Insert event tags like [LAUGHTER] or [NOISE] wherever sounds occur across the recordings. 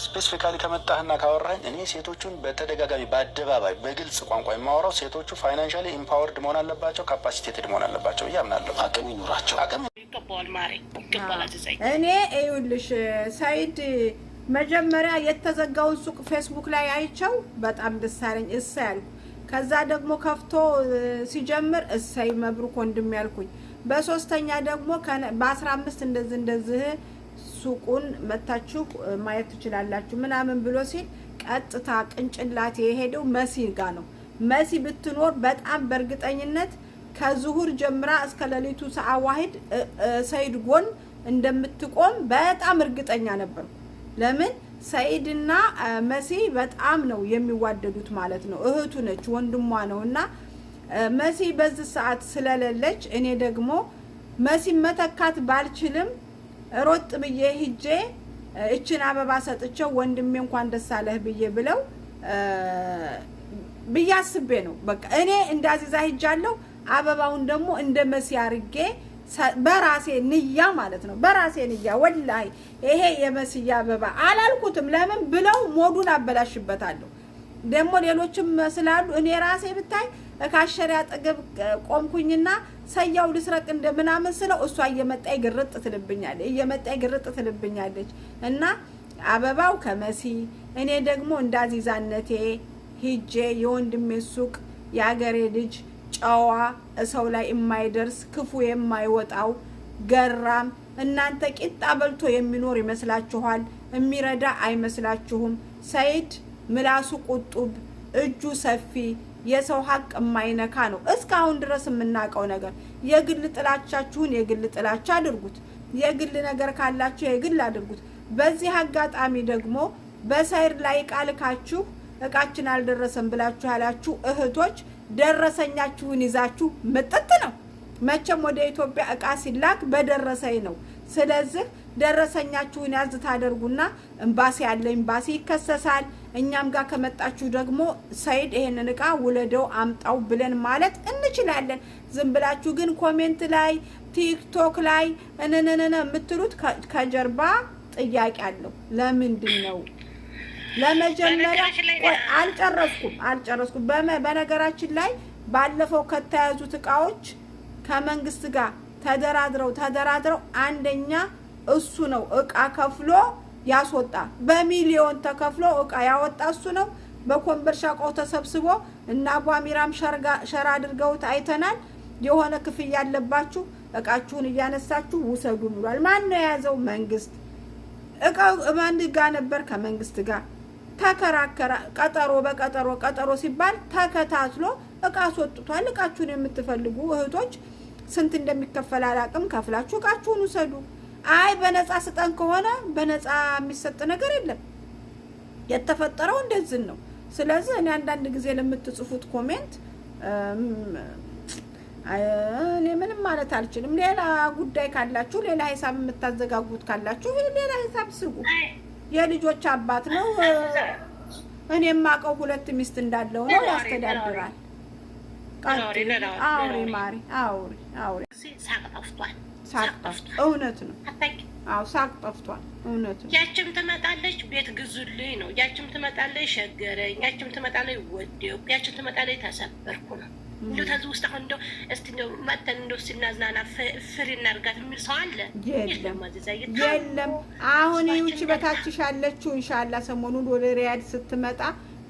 ስፔሲፊካሊ ከመጣህና ካወራኝ እኔ ሴቶቹን በተደጋጋሚ በአደባባይ በግልጽ ቋንቋ የማወራው ሴቶቹ ፋይናንሻሊ ኢምፓወርድ መሆን አለባቸው፣ ካፓሲቴትድ መሆን አለባቸው ብዬ አምናለሁ። አቅም ይኑራቸው። አቅም ይገባዋል። ማሬ ይገባል። እኔ ይኸውልሽ ሳይድ መጀመሪያ የተዘጋውን ሱቅ ፌስቡክ ላይ አይቸው በጣም ደስ አለኝ እሰይ አልኩ። ከዛ ደግሞ ከፍቶ ሲጀምር እሰይ መብሩክ ወንድም ያልኩኝ። በሶስተኛ ደግሞ በአስራ አምስት እንደዚህ እንደዚህ ሱቁን መታችሁ ማየት ትችላላችሁ ምናምን ብሎ ሲል ቀጥታ ቅንጭላቴ የሄደው መሲ ጋ ነው። መሲ ብትኖር በጣም በእርግጠኝነት ከዝሁር ጀምራ እስከ ሌሊቱ ሰዓ ዋሂድ ሰይድ ጎን እንደምትቆም በጣም እርግጠኛ ነበርኩ። ለምን ሰይድና መሲ በጣም ነው የሚዋደዱት ማለት ነው። እህቱ ነች፣ ወንድሟ ነው እና መሲ በዚህ ሰዓት ስለሌለች እኔ ደግሞ መሲ መተካት ባልችልም ሮጥ ብዬ ሂጄ እችን አበባ ሰጥቼው ወንድሜ እንኳን ደስ አለህ ብዬ ብለው ብዬ አስቤ ነው። በቃ እኔ እንዳዚዛ ሂጃለሁ። አበባውን ደግሞ እንደ መሲ አርጌ በራሴ ንያ ማለት ነው። በራሴ ንያ ወላሂ ይሄ የመስያ አበባ አላልኩትም። ለምን ብለው ሞዱን አበላሽበታለሁ። ደግሞ ሌሎችም ስላሉ እኔ ራሴ ብታይ ከአሸሪያ አጠገብ ቆምኩኝና ሰያው ልስረቅ እንደ ምናምን ስለው እሷ እየመጣ ግርጥ ትልብኛለች እየመጣ ግርጥ ትልብኛለች። እና አበባው ከመሲ እኔ ደግሞ እንዳዚዛነቴ ሂጄ የወንድሜ ሱቅ የአገሬ ልጅ ጨዋ ሰው ላይ የማይደርስ ክፉ የማይወጣው ገራም እናንተ ቂጣ በልቶ የሚኖር ይመስላችኋል? የሚረዳ አይመስላችሁም? ሰይድ ምላሱ ቁጡብ፣ እጁ ሰፊ የሰው ሀቅ የማይነካ ነው። እስካሁን ድረስ የምናውቀው ነገር የግል ጥላቻችሁን የግል ጥላቻ አድርጉት። የግል ነገር ካላችሁ የግል አድርጉት። በዚህ አጋጣሚ ደግሞ በሳይር ላይ ቃልካችሁ እቃችን አልደረሰም ብላችሁ ያላችሁ እህቶች ደረሰኛችሁን ይዛችሁ ምጥጥ ነው። መቼም ወደ ኢትዮጵያ እቃ ሲላክ በደረሰኝ ነው። ስለዚህ ደረሰኛችሁን ያዝ ታደርጉና ኤምባሲ ያለ ኤምባሲ ይከሰሳል። እኛም ጋር ከመጣችሁ ደግሞ ሰይድ ይሄንን እቃ ውለደው አምጣው ብለን ማለት እንችላለን። ዝም ብላችሁ ግን ኮሜንት ላይ ቲክቶክ ላይ እንንንነ የምትሉት ከጀርባ ጥያቄ አለው። ለምንድን ነው ለመጀመሪያ አልጨረስኩም አልጨረስኩም። በነገራችን ላይ ባለፈው ከተያዙት እቃዎች ከመንግስት ጋር ተደራድረው ተደራድረው አንደኛ እሱ ነው እቃ ከፍሎ ያስወጣ በሚሊዮን ተከፍሎ እቃ ያወጣ እሱ ነው። በኮንበርሻ ቆ ተሰብስቦ እና አቡ አሚራም ሸራ አድርገውት አይተናል። የሆነ ክፍያ ያለባችሁ እቃችሁን እያነሳችሁ ውሰዱ ብሏል። ማን ነው የያዘው? መንግስት። እቃው ማን ጋ ነበር? ከመንግስት ጋር ተከራከረ። ቀጠሮ በቀጠሮ ቀጠሮ ሲባል ተከታትሎ እቃ አስወጥቷል። እቃችሁን የምትፈልጉ እህቶች ስንት እንደሚከፈል አላቅም፣ ከፍላችሁ እቃችሁን ውሰዱ። አይ በነፃ ስጠን ከሆነ በነፃ የሚሰጥ ነገር የለም። የተፈጠረው እንደዚህ ነው። ስለዚህ እኔ አንዳንድ ጊዜ ለምትጽፉት ኮሜንት እኔ ምንም ማለት አልችልም። ሌላ ጉዳይ ካላችሁ፣ ሌላ ሂሳብ የምታዘጋጉት ካላችሁ ሌላ ሂሳብ ስጉ። የልጆች አባት ነው። እኔ የማውቀው ሁለት ሚስት እንዳለው ነው፣ ያስተዳድራል። አውሪ ማሪ፣ አውሪ አውሪ ጊዜ ሳቅ ጠፍቷል። ሳቅ ጠፍቷል። እውነት ነው። አዎ ሳቅ ጠፍቷል። እውነት ነው። ያችም ትመጣለች ቤት ግዙልኝ ነው። ያችም ትመጣለች ሸገረኝ፣ ያችም ትመጣለች ወደኩ፣ ያችም ትመጣለች ተሰበርኩ ነው። እንደው ተዚህ ውስጥ አሁን እንደው እስቲ እንደው መተን እንደው ስናዝናና ፍሪ እናርጋት የሚል ሰው አለ? የለም የለም። አሁን ይውች በታችሽ አለችው። እንሻላ ሰሞኑን ወደ ሪያድ ስትመጣ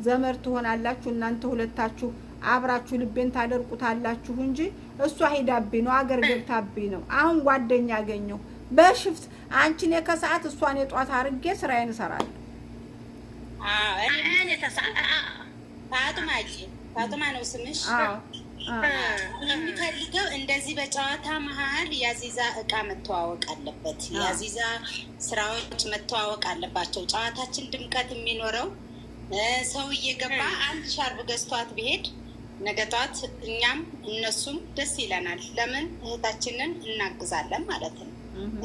ዘመድ ትሆናላችሁ እናንተ ሁለታችሁ አብራችሁ ልቤን ታደርቁታላችሁ እንጂ እሷ ሂዳቤ ነው አገር ገብታቤ ነው። አሁን ጓደኛ ያገኘው በሽፍት አንቺን ከሰዓት እሷን የጧት አርጌ ስራዬን እሰራለሁ። ፋጡማ የሚፈልገው እንደዚህ በጨዋታ መሀል የአዚዛ እቃ መተዋወቅ አለበት። የአዚዛ ስራዎች መተዋወቅ አለባቸው። ጨዋታችን ድምቀት የሚኖረው ሰው እየገባ አንድ ሻርብ ገዝቷት ቢሄድ ነገ ጠዋት እኛም እነሱም ደስ ይለናል። ለምን እህታችንን እናግዛለን ማለት ነው።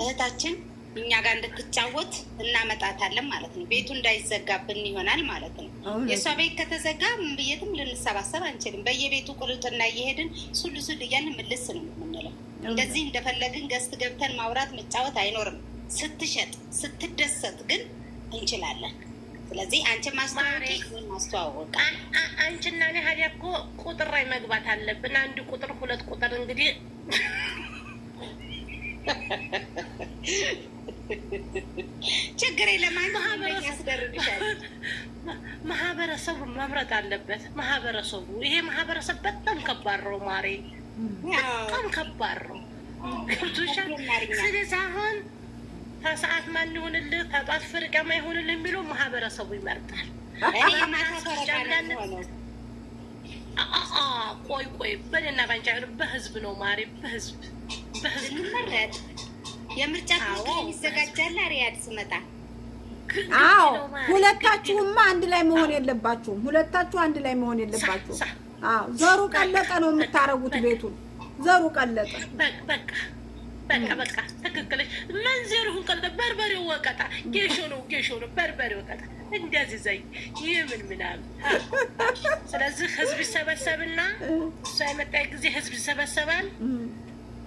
እህታችን እኛ ጋር እንድትጫወት እናመጣታለን ማለት ነው። ቤቱ እንዳይዘጋብን ይሆናል ማለት ነው። የእሷ ቤት ከተዘጋ የትም ልንሰባሰብ አንችልም። በየቤቱ ቁልጥና እየሄድን ሱል ሱል እያን ምልስ ነው የምንለው። እንደዚህ እንደፈለግን ገዝት ገብተን ማውራት መጫወት አይኖርም። ስትሸጥ ስትደሰት ግን እንችላለን። ስለዚህ አንቺ ማስተዋወቅ አንቺና እኔ ሀዲያ እኮ ቁጥር ላይ መግባት አለብን። አንድ ቁጥር፣ ሁለት ቁጥር እንግዲህ [LAUGHS] ችግር የለም። [LAUGHS] ማህበረሰቡ መምረጥ አለበት። ማህበረሰቡ ይሄ ማህበረሰብ በጣም ከባድ ነው። ማሬ በጣም ከባድ ነው። ገብቶሻል? ስለዚህ አሁን ከሰዓት ማን ይሆንልህ ከጧት ፍርቅ ይሆንልህ የሚለው ማህበረሰቡ ይመርጣል። ቆይ ቆይ በደና ባንጫ በህዝብ ነው ማሪ በህዝብ በህዝብ የምርጫ ይዘጋጃል። ሪያድ ስመጣ አዎ፣ ሁለታችሁማ አንድ ላይ መሆን የለባችሁም። ሁለታችሁ አንድ ላይ መሆን የለባችሁም። አዎ፣ ዘሩ ቀለጠ ነው የምታረጉት ቤቱን ዘሩ ቀለጠ በቃ በቃ በቃ ትክክለች መንዘር ሁን በርበሬ ወቀጣ ጌሾ ነው ጌሾ ነው በርበሬ ወቀጣ እንደዚህ ዘይ ይህ ምናምን። ስለዚህ ህዝብ ይሰበሰብና እሷ የመጣ ጊዜ ህዝብ ይሰበሰባል።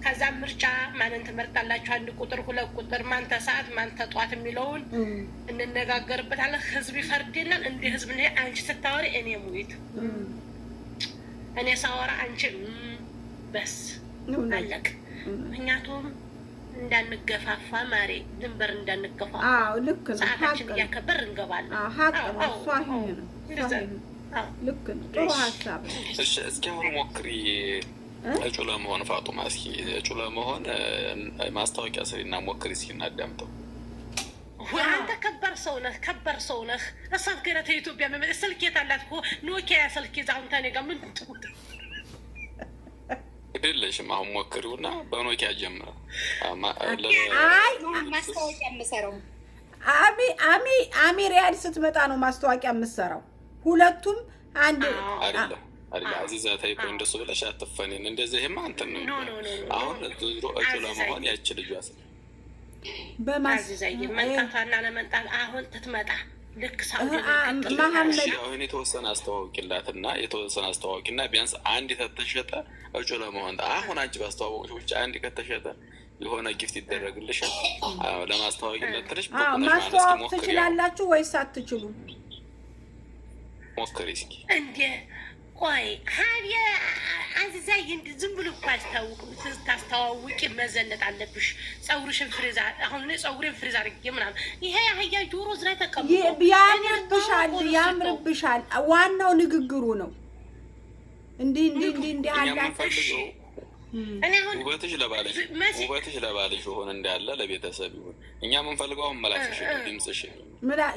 ከዛ ምርጫ ማንን ትመርጣላችሁ? አንድ ቁጥር፣ ሁለት ቁጥር፣ ማንተ ሰዓት ማንተ ጧት የሚለውን እንነጋገርበታለን። ህዝብ ይፈርድናል። እንደ ህዝብ አንቺ ስታወሪ እኔ ሙይት፣ እኔ ሳወራ አንቺ በስ አለቅ ምክንያቱም እንዳንገፋፋ ማሬ ድንበር እንዳንገፋፋ ልክ ነው። ሰዓታችን እያከበር እንገባለን። ልክ ነው። ጥሩ ሀሳብ ነው። እስኪ አሁን ሞክሪ እጩ ለመሆን ፋጡማ፣ እስኪ እጩ ለመሆን ማስታወቂያ ስሪና ሞክሪ። እስኪ እናዳምጠው። አንተ ከበር ሰው ነህ፣ ከበር ሰው ነህ። እሳት ገና ተኢትዮጵያ መመ ስልክ የት አላት? ኖኪያ ስልክ ይዛ አሁን ታኔ ጋር ምን ግድለሽም አሁን ሞክሪው እና በኖኪያ ጀምረ ማስታወቂያ የምሰራው አሚ አሚ ሪያድ ስትመጣ ነው ማስታወቂያ የምሰራው። ሁለቱም አንድ አይደለም። አዚዛ ታይቶ እንደሱ ብለሽ አትፈኔን። እንደዚህ ማ አንተ ነው አሁን ዝሮ እጩ ለመሆን ያች ልጇ በማዚዛ መጣቷና ለመምጣት አሁን ትትመጣ ልክሳሁን የተወሰነ አስተዋወቂላት እና የተወሰነ አስተዋወቂና ቢያንስ አንድ ከተሸጠ እጩ ለመሆን አሁን አንቺ ባስተዋወቅሽ ውጭ አንድ ከተሸጠ የሆነ ጊፍት ይደረግልሻል። ለማስተዋወቂነት ትንሽ ማስተዋወቅ ትችላላችሁ ወይስ አትችሉም? ሞክሪ እስኪ እንደ ቆይ ሀዲያ አዝዛይ ዝም ብሎ እኮ አስታውቅም። ስታስተዋውቂ መዘነት አለብሽ። ፀጉርሽን ፍሪዛ አሁን እኔ ፀጉሬን ፍሬዝ አድርጌ ምናምን ይሄ አህያ ጆሮ ዝራ ተቀምጦ ያምርብሻል፣ ያምርብሻል። ዋናው ንግግሩ ነው። እንዲህ እንዲህ እንዲህ እንዲህ አላትሽ ውበትሽ ለባልሽ ውበትሽ ለባልሽ ሆን እንዳለ ለቤተሰብ ይሁን እኛ የምንፈልገው መላክሽ ድምፅሽ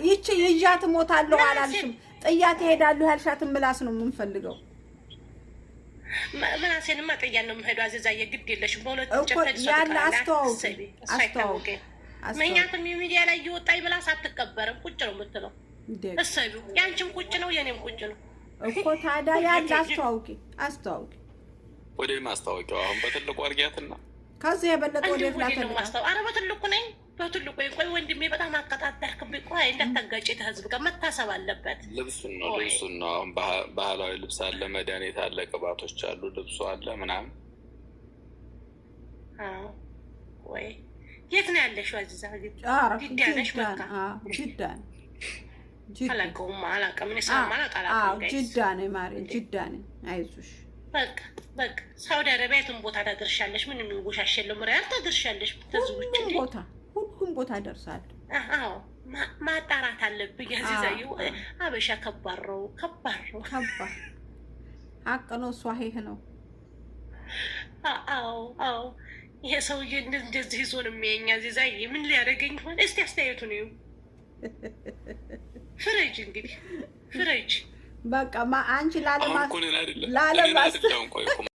ይቺ ይዣ ትሞታለሁ አላልሽም ጥያት ይሄዳሉ ያልሻትን ምላስ ነው የምንፈልገው። ምላሴንማ ጥያት ነው የምሄዱ። አዘዛዬ ግድ የለሽም በሁለት ያለ አስተዋውቅ አስተዋውቅ። ምክንያቱም የሚዲያ ላይ እየወጣኝ ምላስ አትቀበርም። ቁጭ ነው የምትለው እሰቢ። ቁጭ ነው የኔም ቁጭ ነው እኮ ታዲያ። ያለ አስተዋውቂ አስተዋውቂ። ወደ ማስታወቂያው አሁን በትልቁ አርጊያትና ከዚህ የበለጠ ወደ ፍላተ ኧረ በትልቁ ነኝ በትልቁ ቆይ ወንድሜ በጣም አቀጣጠርክብኝ። ቆይ ህዝብ ጋር መታሰብ አለበት። ልብሱን ነው ልብሱን ነው። አሁን ባህላዊ ልብስ አለ፣ መድኃኒት አለ፣ ቅባቶች አሉ፣ ልብሱ አለ ምናምን። ወይ የት ነው ያለሽው? አዚዛ ጅዳ ነሽ? ማሪ፣ ጅዳ አላውቀውም፣ አይዞሽ በቃ በቃ። ሳውዲ አረቢያ የትም ቦታ ታደርሻለሽ። ምን የሚወሻሽ የለም። ሪያል ታደርሻለሽ። ተዝውጭ ቦታ ቦታ ደርሳል። ማጣራት አለብኝ። አዚዛዬ አበሻ ከባድ ነው፣ ከባድ ነው፣ ከባድ ሀቅ ነው። እሷ ይህ ነው። አዎ አዎ፣ ይሄ ሰውዬ እንደዚህ ይዞ የሚያኛ የሚያየኝ። ምን ሊያደርገኝ ይሆን? እስቲ አስተያየቱ ነው። ፍረጅ እንግዲህ ፍረጅ። በቃ አንቺ ላለማ ላለማ